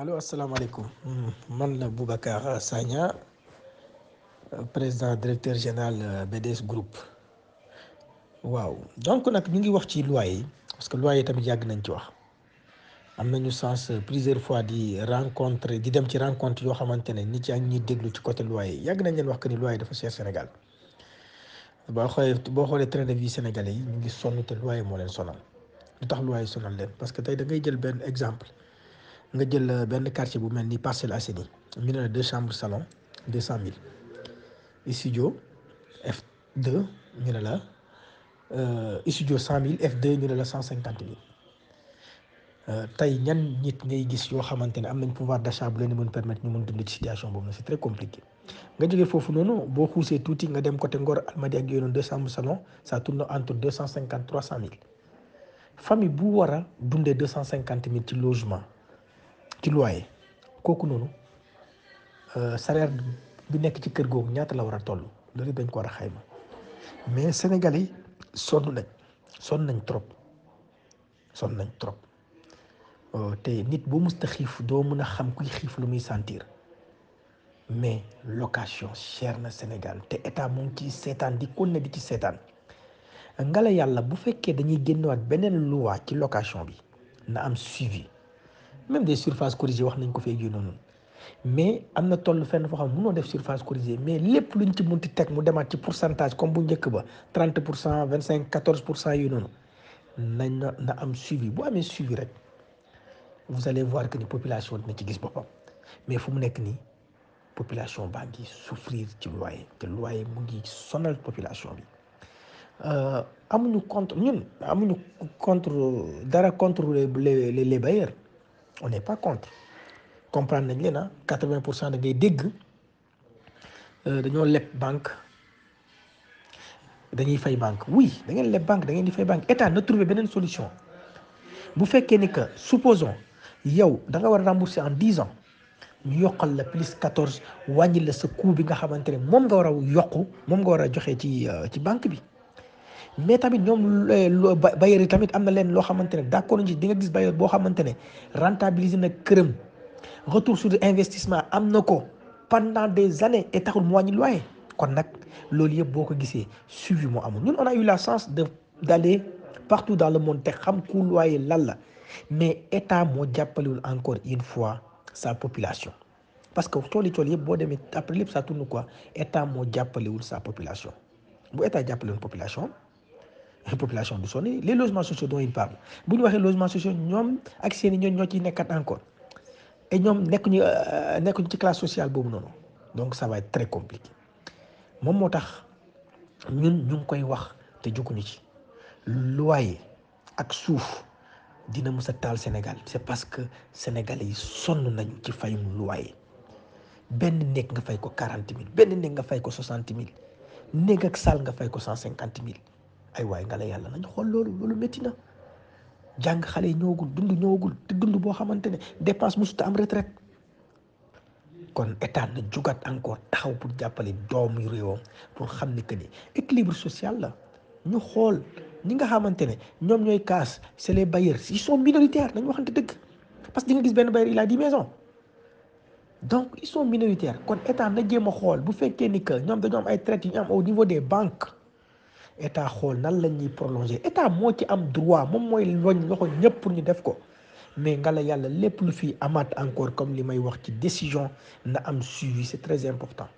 allo asalaamaaleykum man la Boubacar Sagna président directeur général euh, BDS groupe waaw donc nag ñu ngi wax ci loi yi parce que loi yi tamit yàgg nañ ci wax am na ñu sens euh, plusieurs fois di rencontre di dem ci rencontre yoo xamante ne nit ci ak ñi déglu ci côté loi yi yàgg nañ leen wax que ni loi yi dafa cher Sénégal boo xoolee boo xoolee train de vie sénégalais yi ñu ngi sonn te loi yi moo leen sonal lu tax loi yi sonal leen parce que tey da ngay jël benn exemple. nga jël euh, benn quartier bu mel ni Parcelles Assainies ñu ne la deux chambres salon deux cent mille ñu ne la euh, studio cent mille la cent cinquante mille euh, tey ñan nit ngay gis yoo xamante ne am nañ pouvoir d'achat bu leen mën permettre ñu mën dund ci situation boobu nag c'est très compliqué nga jógee foofu noonu boo xuusee tuuti nga dem côté Ngor Almadies ak yooyu noonu deux chambres salon ça tourne entre deux cent cinquante trois cent mille famille bu war a dundee deux cent cinquante mille ci logement. ci loyer kooku noonu euh, salaire bu nekk ci kër googu ñaata la war a toll loolu dañ ko war a xayma mais Sénégalais yi sonn nañ sonn nañ trop sonn nañ trop euh, te nit boo musta xiif doo mën a xam kuy xiif lu muy sentir mais location cher na Sénégal te état mu ngi ciy seetaan di kon na di ci seetaan ngala yàlla bu fekkee dañuy génnewaat beneen loi ci location bi na am suivi même de surfaces corrigées wax nañ ko fee ji noonu mais am na toll fenn foo xam ne mënoo def surface corrigée mais lépp luñ ci munti teg mu demaat ci pourcentage comme bu njëkk ba 30 pour cent 25 14 pour cent yu noonu nañ na na am suivi bu amee suivi rek vous allez voir que ni population dina ci gis boppam mais fu mu nekk nii population baa ngi souffrir ci loyer te loyer mu ngi sonal population bi euh, amuñu contre ñun amuñu contre dara contre les les bailleurs. on n'est pas contre comprendre nañ leen ah quatre-vingt pour cent da dégg euh, dañoo leb banque dañuy fay banque oui da ngeen leb banque da ngeen di fay banque état na trouver beneen solution bu fekkee ni que supposons yow da nga war a rembourser en dix ans ñu yokkal la plus quatorze wàññi la sa coût bi nga xamante ne moom nga war a yokku moom nga war a joxee ci euh, ci banque bi. mais tamit ñoom eh, bailleurs yi tamit am na leen loo xamante ne d'accord nañ ci di nga gis bailleur boo xamante ne rentabiliser na këram retour sur investissement am na ko pendant des années et taxul mu wàññi kon nag loolu yëpp boo ko gisee suivi moo amul ñun la chance de d'aller partout le monde te xam ku loyer lan la mais état moo jàppalewul encore une fois sa population parce que cooli cooli yëpp boo demee après lépp ça tourne quoi état moo jàppalewul sa population bu état jàppalewul population population du sonn les logements sociaux dont il parle bu ñu waxee logements sociaux ñoom ak seen i ñoo ciy nekkat encore et ñoom nekkuñu euh, nekkuñu ci classe sociale boobu noonu donc ça va très compliqué moom moo tax ñun ñu ngi koy wax te juguñu ci loyer ak suuf dina mës a taal Sénégal c'est parce que sénégal yi sonn nañu ci fayum loyer benn néeg nga fay ko quarante mille benn néeg nga fay ko soixante mille néeg ak salle nga fay ko cent cinquante mille. ay waay nga la yàlla nañu xool loolu loolu métti na jàng xale yi ñëwagul dund ñëwagul te dund boo xamante ne dépense mosut am retraite kon état na jugaat encore taxaw pour jàppale doomu réewam pour xam ni que ni équilibre social la ñu xool ni nga xamante ne ñoom ñooy casse c'est les bailleurs ils sont minoritaires nañu waxante dëgg parce que di nga gis benn bailleur il a dix maisons donc ils sont minoritaires kon état na jéem a xool bu fekkee ni que ñoom dañoo am ay traites yu am au niveau des banques état xool nan la ñuy prolonger état moo ci am droit moom mooy loñ loxo ñëpp pour ñu def ko mais nga la yàlla lépp lu fi amaat encore comme li may wax ci décision na am suivi c'est très important